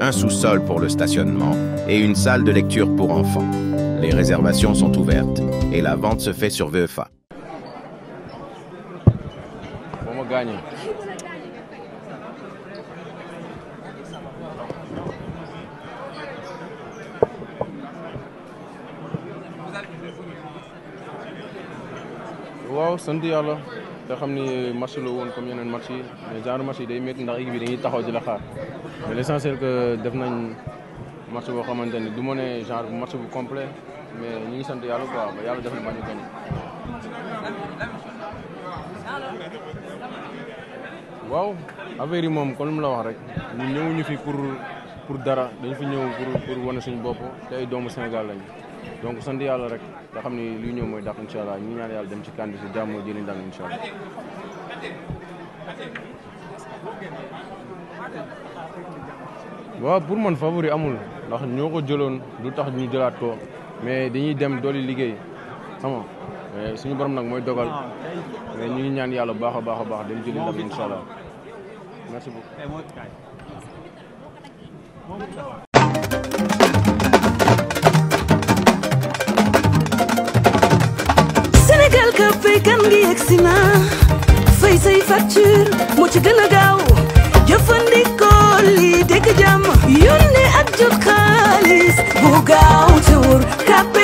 un sous-sol pour le stationnement et une salle de lecture pour enfants. Les réservations sont ouvertes et la vente se fait sur VEFA. te xam ni match la woon comme yeneen match yi mais genre match yi day i ndax équipe bi dañuy taxaw di la xaar mais l' essentiel que def nañ match boo xamante ni du ma genre match bu complet mais ñu ngi sant yàlla quoi ba yàlla def na ñu gañ waaw affaire yi moom kon lu mu la wax rek ñu ñëwuñu fi pour pour dara dañ fi ñëw pour pour wane suñu bopp te ay doomu Sénégal lañu donc sant yàlla rek nga xam ni luy ñëw mooy dàq incha allah ñu ñaan yàlla dem ci kan bi si jàmm jëli ndam incha allah. waaw pour man favori amul ndax ñoo ko jëloon du tax ñu jëlaat ko mais dañuy dem dooli liggéey xam suñu borom nag mooy dogal mais ñu ngi ñaan yàlla baax a baax a baax dem jëli ndam incha allah yegsi na fay say facture moo ci gën a gaaw jëfandikoo lii dégg jàmm yónnee ak jot xaalis bu gaaw te